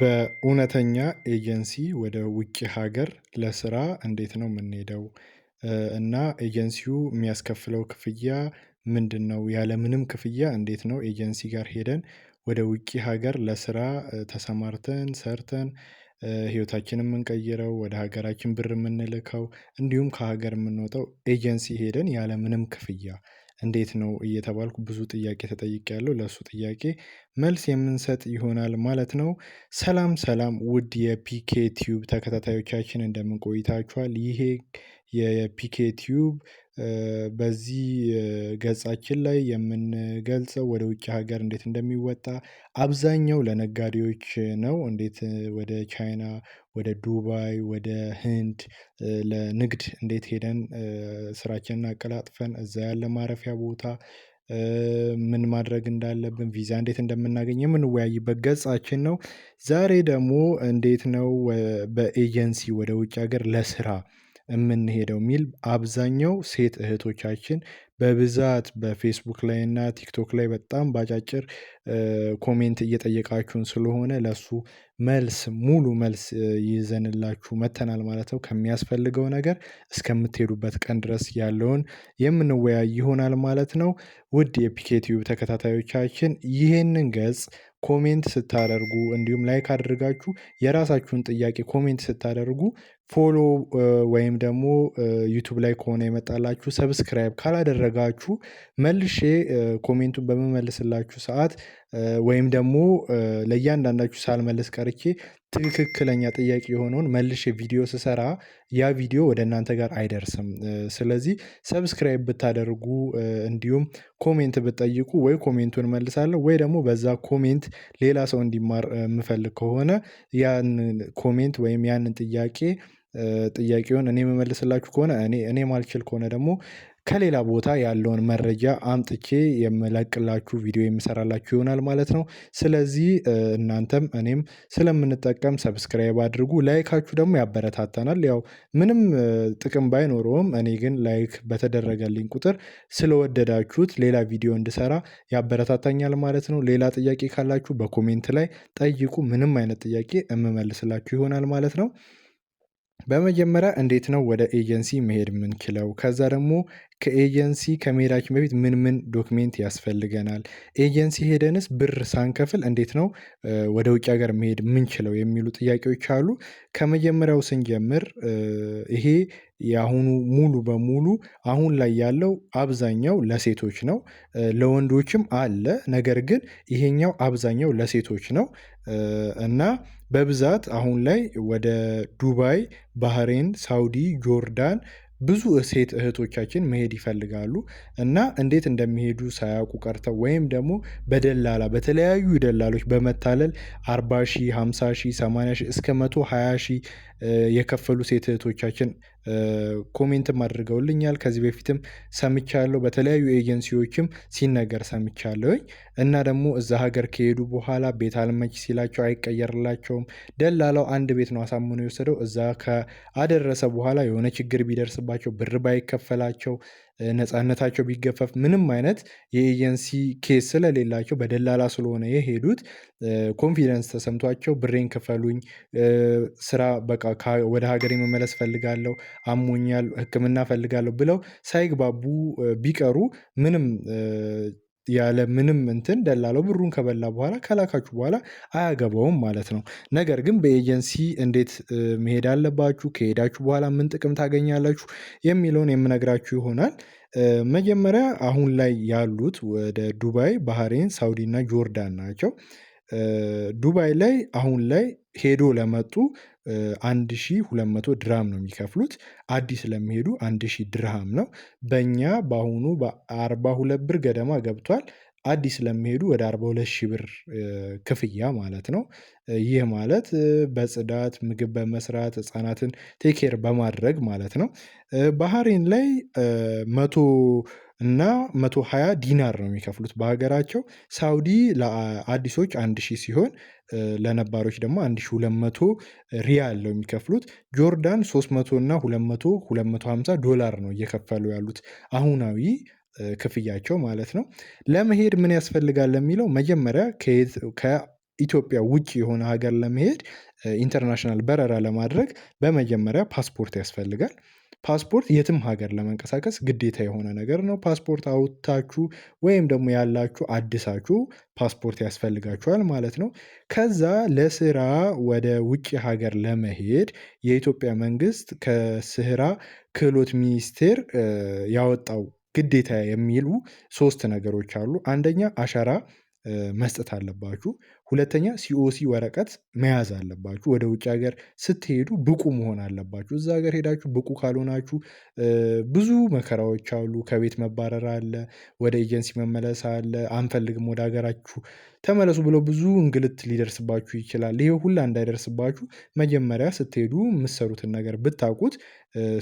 በእውነተኛ ኤጀንሲ ወደ ውጭ ሀገር ለስራ እንዴት ነው የምንሄደው? እና ኤጀንሲው የሚያስከፍለው ክፍያ ምንድነው? ያለምንም ክፍያ እንዴት ነው ኤጀንሲ ጋር ሄደን ወደ ውጭ ሀገር ለስራ ተሰማርተን ሰርተን ህይወታችንን የምንቀይረው ወደ ሀገራችን ብር የምንልከው እንዲሁም ከሀገር የምንወጣው ኤጀንሲ ሄደን ያለምንም ክፍያ እንዴት ነው እየተባልኩ ብዙ ጥያቄ ያለው ለእሱ ጥያቄ መልስ የምንሰጥ ይሆናል ማለት ነው። ሰላም ሰላም ውድ የፒኬ ቲዩብ ተከታታዮቻችን እንደምን ቆይታችኋል? ይሄ የፒኬ ቲዩብ በዚህ ገጻችን ላይ የምንገልጸው ወደ ውጭ ሀገር እንዴት እንደሚወጣ አብዛኛው ለነጋዴዎች ነው። እንዴት ወደ ቻይና ወደ ዱባይ ወደ ህንድ ለንግድ እንዴት ሄደን ስራችንን አቀላጥፈን እዛ ያለ ማረፊያ ቦታ ምን ማድረግ እንዳለብን ቪዛ እንዴት እንደምናገኝ የምንወያይበት ገጻችን ነው። ዛሬ ደግሞ እንዴት ነው በኤጀንሲ ወደ ውጭ ሀገር ለስራ የምንሄደው የሚል አብዛኛው ሴት እህቶቻችን በብዛት በፌስቡክ ላይ እና ቲክቶክ ላይ በጣም በአጫጭር ኮሜንት እየጠየቃችሁን ስለሆነ ለሱ መልስ ሙሉ መልስ ይዘንላችሁ መተናል ማለት ነው። ከሚያስፈልገው ነገር እስከምትሄዱበት ቀን ድረስ ያለውን የምንወያይ ይሆናል ማለት ነው። ውድ የፒኬቲዩብ ተከታታዮቻችን ይህንን ገጽ ኮሜንት ስታደርጉ እንዲሁም ላይክ አድርጋችሁ የራሳችሁን ጥያቄ ኮሜንት ስታደርጉ ፎሎ ወይም ደግሞ ዩቱብ ላይ ከሆነ የመጣላችሁ ሰብስክራይብ ካላደረጋችሁ መልሼ ኮሜንቱን በምመልስላችሁ ሰዓት ወይም ደግሞ ለእያንዳንዳችሁ ሳልመልስ ቀርቼ ትክክለኛ ጥያቄ የሆነውን መልሼ ቪዲዮ ስሰራ ያ ቪዲዮ ወደ እናንተ ጋር አይደርስም። ስለዚህ ሰብስክራይብ ብታደርጉ እንዲሁም ኮሜንት ብጠይቁ ወይ ኮሜንቱን እመልሳለሁ ወይ ደግሞ በዛ ኮሜንት ሌላ ሰው እንዲማር የምፈልግ ከሆነ ያን ኮሜንት ወይም ያንን ጥያቄ ጥያቄውን እኔ የምመልስላችሁ ከሆነ እኔ ማልችል ከሆነ ደግሞ ከሌላ ቦታ ያለውን መረጃ አምጥቼ የምለቅላችሁ ቪዲዮ የምሰራላችሁ ይሆናል ማለት ነው። ስለዚህ እናንተም እኔም ስለምንጠቀም ሰብስክራይብ አድርጉ። ላይካችሁ ደግሞ ያበረታታናል። ያው ምንም ጥቅም ባይኖረውም እኔ ግን ላይክ በተደረገልኝ ቁጥር ስለወደዳችሁት ሌላ ቪዲዮ እንድሰራ ያበረታታኛል ማለት ነው። ሌላ ጥያቄ ካላችሁ በኮሜንት ላይ ጠይቁ። ምንም አይነት ጥያቄ የምመልስላችሁ ይሆናል ማለት ነው። በመጀመሪያ እንዴት ነው ወደ ኤጀንሲ መሄድ የምንችለው? ከዛ ደግሞ ከኤጀንሲ ከመሄዳችን በፊት ምን ምን ዶክሜንት ያስፈልገናል? ኤጀንሲ ሄደንስ ብር ሳንከፍል እንዴት ነው ወደ ውጭ ሀገር መሄድ የምንችለው የሚሉ ጥያቄዎች አሉ። ከመጀመሪያው ስንጀምር ይሄ የአሁኑ ሙሉ በሙሉ አሁን ላይ ያለው አብዛኛው ለሴቶች ነው። ለወንዶችም አለ ነገር ግን ይሄኛው አብዛኛው ለሴቶች ነው። እና በብዛት አሁን ላይ ወደ ዱባይ ባህሬን ሳውዲ ጆርዳን ብዙ ሴት እህቶቻችን መሄድ ይፈልጋሉ እና እንዴት እንደሚሄዱ ሳያውቁ ቀርተው ወይም ደግሞ በደላላ በተለያዩ ደላሎች በመታለል አርባ ሺ ሃምሳ ሰማንያ እስከ መቶ ሺህ የከፈሉ ሴት እህቶቻችን ኮሜንትም አድርገውልኛል። ከዚህ በፊትም ሰምቻለሁ፣ በተለያዩ ኤጀንሲዎችም ሲነገር ሰምቻለሁኝ እና ደግሞ እዛ ሀገር ከሄዱ በኋላ ቤት አልመች ሲላቸው አይቀየርላቸውም። ደላላው አንድ ቤት ነው አሳምኖ የወሰደው። እዛ ከአደረሰ በኋላ የሆነ ችግር ቢደርስባቸው፣ ብር ባይከፈላቸው፣ ነፃነታቸው ቢገፈፍ፣ ምንም አይነት የኤጀንሲ ኬስ ስለሌላቸው በደላላ ስለሆነ የሄዱት ኮንፊደንስ ተሰምቷቸው ብሬን ክፈሉኝ፣ ስራ በቃ ወደ ሀገር መመለስ ፈልጋለሁ፣ አሞኛል፣ ሕክምና ፈልጋለሁ ብለው ሳይግባቡ ቢቀሩ ምንም ያለ ምንም እንትን ደላለው ብሩን ከበላ በኋላ ከላካችሁ በኋላ አያገባውም ማለት ነው። ነገር ግን በኤጀንሲ እንዴት መሄድ አለባችሁ፣ ከሄዳችሁ በኋላ ምን ጥቅም ታገኛላችሁ የሚለውን የምነግራችሁ ይሆናል። መጀመሪያ አሁን ላይ ያሉት ወደ ዱባይ፣ ባህሬን፣ ሳውዲ እና ጆርዳን ናቸው። ዱባይ ላይ አሁን ላይ ሄዶ ለመጡ 1200 ድርሃም ነው የሚከፍሉት። አዲስ ለሚሄዱ 1000 ድርሃም ነው። በእኛ በአሁኑ በ42 ብር ገደማ ገብቷል። አዲስ ለሚሄዱ ወደ 42 ሺህ ብር ክፍያ ማለት ነው። ይህ ማለት በጽዳት ምግብ በመስራት ህፃናትን ቴኬር በማድረግ ማለት ነው። ባህሬን ላይ መቶ እና 120 ዲናር ነው የሚከፍሉት በሀገራቸው። ሳውዲ ለአዲሶች 1000 ሲሆን ለነባሮች ደግሞ 1200 ሪያል ነው የሚከፍሉት። ጆርዳን 300 እና 200 250 ዶላር ነው እየከፈሉ ያሉት አሁናዊ ክፍያቸው ማለት ነው። ለመሄድ ምን ያስፈልጋል የሚለው መጀመሪያ ከኢትዮጵያ ውጭ የሆነ ሀገር ለመሄድ ኢንተርናሽናል በረራ ለማድረግ በመጀመሪያ ፓስፖርት ያስፈልጋል። ፓስፖርት የትም ሀገር ለመንቀሳቀስ ግዴታ የሆነ ነገር ነው። ፓስፖርት አውጥታችሁ ወይም ደግሞ ያላችሁ አዲሳችሁ ፓስፖርት ያስፈልጋችኋል ማለት ነው። ከዛ ለስራ ወደ ውጭ ሀገር ለመሄድ የኢትዮጵያ መንግስት ከስራ ክህሎት ሚኒስቴር ያወጣው ግዴታ የሚሉ ሶስት ነገሮች አሉ። አንደኛ አሻራ መስጠት አለባችሁ። ሁለተኛ ሲኦሲ ወረቀት መያዝ አለባችሁ። ወደ ውጭ ሀገር ስትሄዱ ብቁ መሆን አለባችሁ። እዛ ሀገር ሄዳችሁ ብቁ ካልሆናችሁ ብዙ መከራዎች አሉ። ከቤት መባረር አለ፣ ወደ ኤጀንሲ መመለስ አለ፣ አንፈልግም ወደ ሀገራችሁ ተመለሱ ብለው ብዙ እንግልት ሊደርስባችሁ ይችላል። ይሄ ሁላ እንዳይደርስባችሁ መጀመሪያ ስትሄዱ የምትሰሩትን ነገር ብታውቁት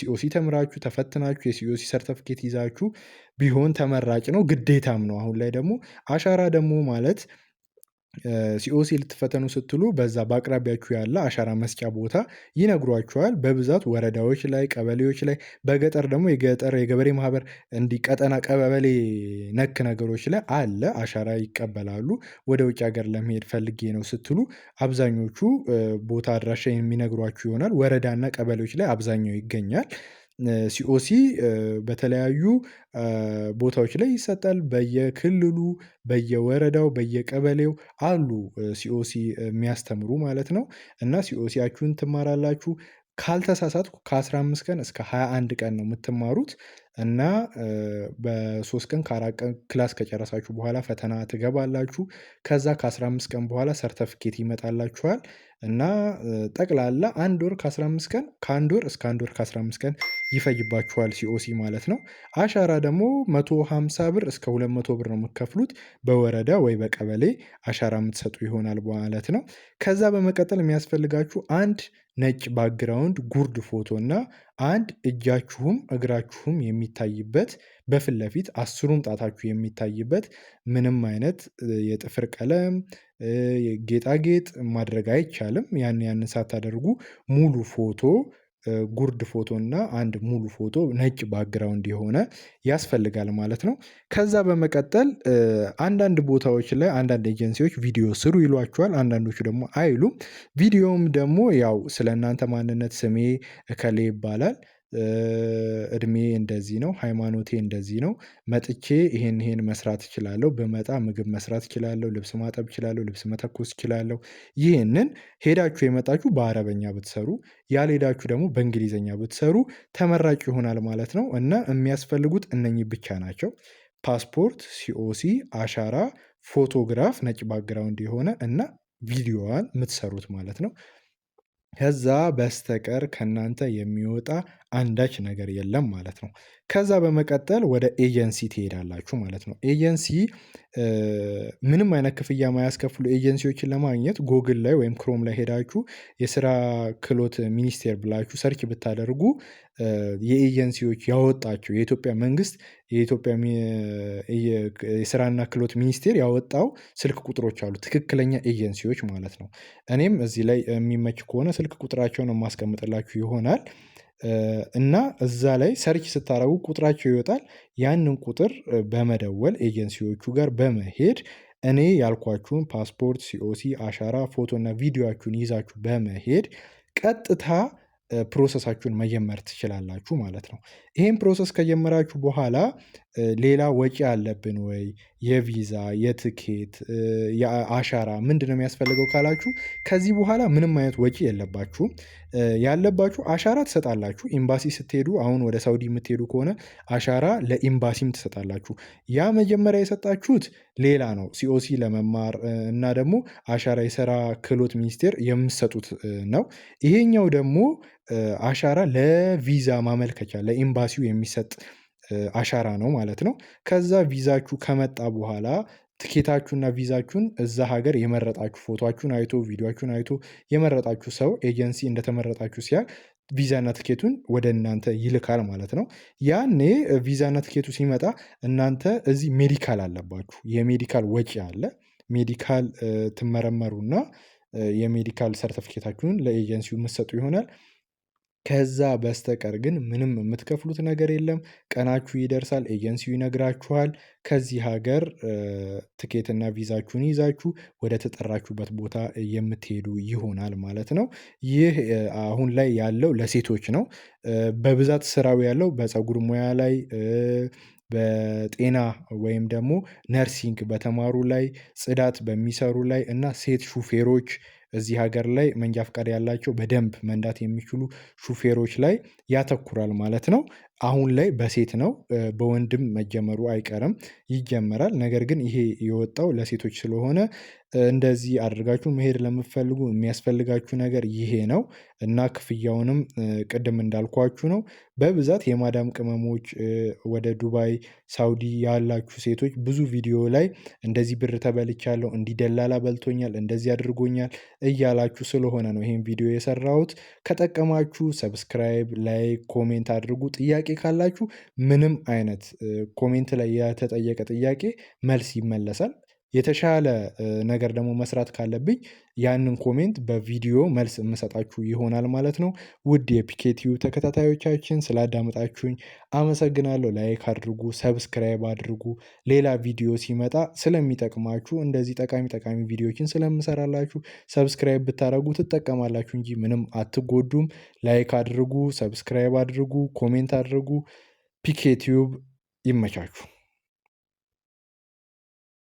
ሲኦሲ ተምራችሁ ተፈትናችሁ የሲኦሲ ሰርተፍኬት ይዛችሁ ቢሆን ተመራጭ ነው፣ ግዴታም ነው። አሁን ላይ ደግሞ አሻራ ደግሞ ማለት ሲኦሲ ልትፈተኑ ስትሉ በዛ በአቅራቢያችሁ ያለ አሻራ መስጫ ቦታ ይነግሯችኋል። በብዛት ወረዳዎች ላይ፣ ቀበሌዎች ላይ በገጠር ደግሞ የገጠር የገበሬ ማህበር እንዲህ ቀጠና ቀበሌ ነክ ነገሮች ላይ አለ አሻራ ይቀበላሉ። ወደ ውጭ ሀገር ለመሄድ ፈልጌ ነው ስትሉ አብዛኞቹ ቦታ አድራሻ የሚነግሯችሁ ይሆናል። ወረዳና ቀበሌዎች ላይ አብዛኛው ይገኛል። ሲኦሲ በተለያዩ ቦታዎች ላይ ይሰጣል። በየክልሉ በየወረዳው በየቀበሌው አሉ ሲኦሲ የሚያስተምሩ ማለት ነው። እና ሲኦሲያችሁን ትማራላችሁ ካልተሳሳትኩ ከ15 ቀን እስከ 21 ቀን ነው የምትማሩት እና በሶስት ቀን ከአራት ቀን ክላስ ከጨረሳችሁ በኋላ ፈተና ትገባላችሁ። ከዛ ከ15 ቀን በኋላ ሰርተፍኬት ይመጣላችኋል እና ጠቅላላ አንድ ወር ከ15 ቀን ከአንድ ወር እስከ አንድ ወር ከ15 ቀን ይፈይባችኋል ሲኦሲ ማለት ነው። አሻራ ደግሞ 150 ብር እስከ 200 ብር ነው የምትከፍሉት በወረዳ ወይ በቀበሌ አሻራ የምትሰጡ ይሆናል ማለት ነው። ከዛ በመቀጠል የሚያስፈልጋችሁ አንድ ነጭ ባክግራውንድ ጉርድ ፎቶ እና አንድ እጃችሁም እግራችሁም የሚታይበት በፊት ለፊት አስሩም ጣታችሁ የሚታይበት ምንም አይነት የጥፍር ቀለም ጌጣጌጥ ማድረግ አይቻልም። ያን ያንን ሳታደርጉ ሙሉ ፎቶ ጉርድ ፎቶ እና አንድ ሙሉ ፎቶ ነጭ ባክግራውንድ የሆነ ያስፈልጋል ማለት ነው። ከዛ በመቀጠል አንዳንድ ቦታዎች ላይ አንዳንድ ኤጀንሲዎች ቪዲዮ ስሩ ይሏቸዋል። አንዳንዶቹ ደግሞ አይሉም። ቪዲዮም ደግሞ ያው ስለእናንተ ማንነት ስሜ እከሌ ይባላል እድሜ እንደዚህ ነው ሃይማኖቴ እንደዚህ ነው መጥቼ ይሄን ይሄን መስራት እችላለሁ ብመጣ ምግብ መስራት እችላለሁ ልብስ ማጠብ እችላለሁ ልብስ መተኮስ እችላለሁ። ይህንን ሄዳችሁ የመጣችሁ በአረበኛ ብትሰሩ ያልሄዳችሁ ደግሞ በእንግሊዘኛ ብትሰሩ ተመራጭ ይሆናል ማለት ነው። እና የሚያስፈልጉት እነኚህ ብቻ ናቸው። ፓስፖርት ሲኦሲ አሻራ ፎቶግራፍ ነጭ ባክግራውንድ የሆነ እና ቪዲዮዋን የምትሰሩት ማለት ነው። ከዛ በስተቀር ከእናንተ የሚወጣ አንዳች ነገር የለም ማለት ነው። ከዛ በመቀጠል ወደ ኤጀንሲ ትሄዳላችሁ ማለት ነው። ኤጀንሲ ምንም አይነት ክፍያ የማያስከፍሉ ኤጀንሲዎችን ለማግኘት ጎግል ላይ ወይም ክሮም ላይ ሄዳችሁ የስራ ክህሎት ሚኒስቴር ብላችሁ ሰርች ብታደርጉ የኤጀንሲዎች ያወጣቸው የኢትዮጵያ መንግስት የኢትዮጵያ የስራና ክህሎት ሚኒስቴር ያወጣው ስልክ ቁጥሮች አሉ፣ ትክክለኛ ኤጀንሲዎች ማለት ነው። እኔም እዚህ ላይ የሚመች ከሆነ ስልክ ቁጥራቸውን የማስቀምጥላችሁ ይሆናል። እና እዛ ላይ ሰርች ስታደርጉ ቁጥራቸው ይወጣል። ያንን ቁጥር በመደወል ኤጀንሲዎቹ ጋር በመሄድ እኔ ያልኳችሁን ፓስፖርት፣ ሲኦሲ፣ አሻራ፣ ፎቶ እና ቪዲዮችሁን ይዛችሁ በመሄድ ቀጥታ ፕሮሰሳችሁን መጀመር ትችላላችሁ ማለት ነው። ይህን ፕሮሰስ ከጀመራችሁ በኋላ ሌላ ወጪ አለብን ወይ? የቪዛ የትኬት የአሻራ ምንድነው የሚያስፈልገው ካላችሁ ከዚህ በኋላ ምንም አይነት ወጪ የለባችሁም። ያለባችሁ አሻራ ትሰጣላችሁ ኤምባሲ ስትሄዱ አሁን ወደ ሳውዲ የምትሄዱ ከሆነ አሻራ ለኤምባሲም ትሰጣላችሁ ያ መጀመሪያ የሰጣችሁት ሌላ ነው ሲኦሲ ለመማር እና ደግሞ አሻራ የስራ ክህሎት ሚኒስቴር የምትሰጡት ነው። ይሄኛው ደግሞ አሻራ ለቪዛ ማመልከቻ ለኤምባሲው የሚሰጥ አሻራ ነው ማለት ነው። ከዛ ቪዛችሁ ከመጣ በኋላ ትኬታችሁና ቪዛችሁን እዛ ሀገር የመረጣችሁ ፎቶችሁን አይቶ ቪዲዮችሁን አይቶ የመረጣችሁ ሰው ኤጀንሲ እንደተመረጣችሁ ሲያ ቪዛና ትኬቱን ወደ እናንተ ይልካል ማለት ነው። ያኔ ቪዛና ትኬቱ ሲመጣ እናንተ እዚህ ሜዲካል አለባችሁ። የሜዲካል ወጪ አለ። ሜዲካል ትመረመሩና የሜዲካል ሰርተፊኬታችሁን ለኤጀንሲው የምትሰጡ ይሆናል። ከዛ በስተቀር ግን ምንም የምትከፍሉት ነገር የለም። ቀናችሁ ይደርሳል ኤጀንሲው ይነግራችኋል ከዚህ ሀገር ትኬትና ቪዛችሁን ይዛችሁ ወደ ተጠራችሁበት ቦታ የምትሄዱ ይሆናል ማለት ነው። ይህ አሁን ላይ ያለው ለሴቶች ነው። በብዛት ስራው ያለው በፀጉር ሙያ ላይ በጤና ወይም ደግሞ ነርሲንግ በተማሩ ላይ ጽዳት በሚሰሩ ላይ እና ሴት ሹፌሮች እዚህ ሀገር ላይ መንጃ ፍቃድ ያላቸው በደንብ መንዳት የሚችሉ ሹፌሮች ላይ ያተኩራል ማለት ነው። አሁን ላይ በሴት ነው በወንድም መጀመሩ አይቀርም ይጀመራል። ነገር ግን ይሄ የወጣው ለሴቶች ስለሆነ እንደዚህ አድርጋችሁ መሄድ ለምትፈልጉ የሚያስፈልጋችሁ ነገር ይሄ ነው እና ክፍያውንም ቅድም እንዳልኳችሁ ነው። በብዛት የማዳም ቅመሞች ወደ ዱባይ፣ ሳውዲ ያላችሁ ሴቶች ብዙ ቪዲዮ ላይ እንደዚህ ብር ተበልቻለሁ፣ እንዲደላላ በልቶኛል፣ እንደዚህ አድርጎኛል እያላችሁ ስለሆነ ነው ይህም ቪዲዮ የሰራሁት። ከጠቀማችሁ ሰብስክራይብ፣ ላይክ፣ ኮሜንት አድርጉ። ጥያቄ ካላችሁ ምንም አይነት ኮሜንት ላይ የተጠየቀ ጥያቄ መልስ ይመለሳል የተሻለ ነገር ደግሞ መስራት ካለብኝ ያንን ኮሜንት በቪዲዮ መልስ የምሰጣችሁ ይሆናል ማለት ነው። ውድ የፒኬቲዩ ተከታታዮቻችን ስላዳመጣችሁኝ አመሰግናለሁ። ላይክ አድርጉ፣ ሰብስክራይብ አድርጉ። ሌላ ቪዲዮ ሲመጣ ስለሚጠቅማችሁ እንደዚህ ጠቃሚ ጠቃሚ ቪዲዮዎችን ስለምሰራላችሁ ሰብስክራይብ ብታደርጉ ትጠቀማላችሁ እንጂ ምንም አትጎዱም። ላይክ አድርጉ፣ ሰብስክራይብ አድርጉ፣ ኮሜንት አድርጉ። ፒኬቲዩብ ይመቻችሁ።